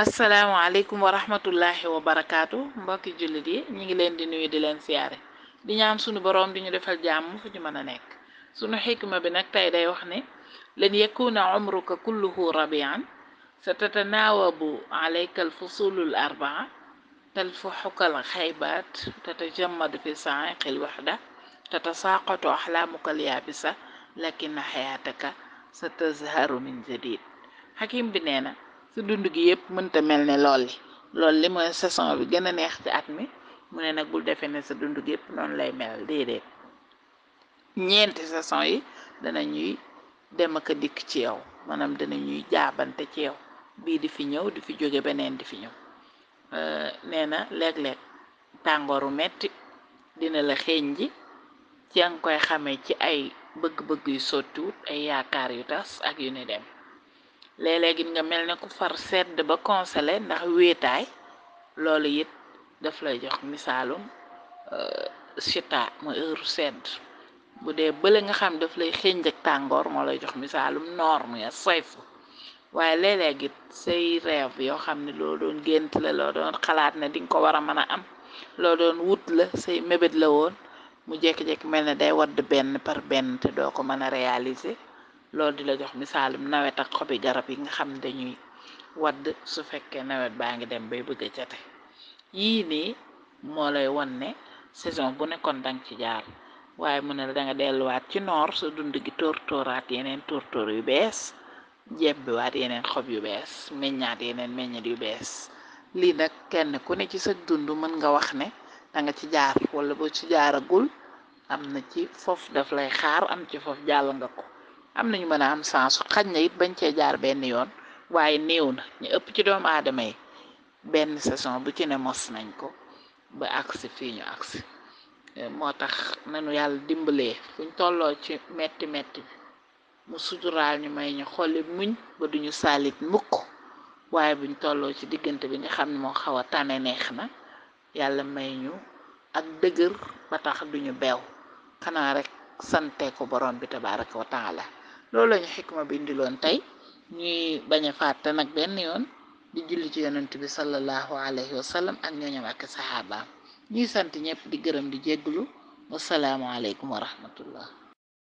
asalaamaaleykum wa rahmatullahi wa barakaatu mbokki jullit yi ñu ngi leen di nuyu di leen siyaare di ñaan sunu boroom di ñu defal jàmm fu ñu mën a nekk sunu xikma bi nag tey day wax ni lan yakuna umruka kulluhu rabian sa tatanaawabu alayka alfusulu l arbaa talfuxuka al xaybaat tatajammadu fi saaiqi l waxda tatasaaqatu axlaamuka al lakin xayaataka sa tazharu min jadid xakim bi nee na sa dund gi yëpp mënta mel ne lool li lool li mooy sason bi gën a neex ci at mi mu ne nag bul defee ne sa dund gi yëpp noonu lay mel déedéet ñeenti sason yi dana ñuy dem ak dikk ci yow maanaam dana ñuy jaabante ci yow bii di fi ñëw di fi jóge beneen di fi ñëw euh, nee na léeg-léeg tàngooru metti dina la xeeñ ji ci nga koy xamee ci ay bëgg-bëgg yu sottiwut ay yaakaar yu tas ak yu ni dem léeg nga mel ne ku far sedd ba consolé ndax wéetaay loolu it daf lay jox misaalum euh, chita mu heure sedd bu dee bële nga xam daf lay xënj ak tàngoor moo lay jox misaalum noor mu ya sayfu waaye léeg-léeg it say rêve yoo xam ne loo doon gént la loo doon xalaat ne di nga ko war a mën a am loo doon wut la say mébét la woon mu jékki-jékki mel ne day wadd benn par benn te doo ko mën a réaliser loolu di la jox misaalum nawet ak xobi garab yi nga xam ne dañuy wadd su fekkee nawet baa ngi dem bay bëgg a jate yii nii moo lay wan ne saison bu nekkoon danga ci jaar waaye mu ne la danga delluwaat ci noor su dund gi tóor yeneen tóor yu bees jebbiwaat yeneen xob yu bees meññaat yeneen meññat yu bees lii nag kenn ku ne ci sa dund mën nga wax ne da ci jaar wala boo ci jaaragul am na ci foofu def lay xaar am ci foofu jàll nga ko am nañu mën a am sens xaj na it bañ cee jaar benn yoon waaye néew na ñu ëpp ci doomu aadama yi benn saison bu ci ne mos nañ ko ba agsi fiiñu ñu agsi moo tax nanu yàlla dimbalee fuñ tolloo ci metti metti bi mu suturaal ñu may ñu xolli muñ ba duñu saalit mukk waaye buñ tolloo ci diggante bi nga xam ne moo xaw a tane neex na yàlla may ñu ak dëgër ba tax duñu bew xanaa rek sante ko boroon bi tabaaraka wa taala loolu lañu xikma bi loon tey ñuy bañ a fàtte nag benn yoon di julli ci yonent bi sallallahu alayhi wa ak ñooñam ak saxaabaam ñuy sant ñëpp di gërëm di jégglu wasalaamu aleykum wa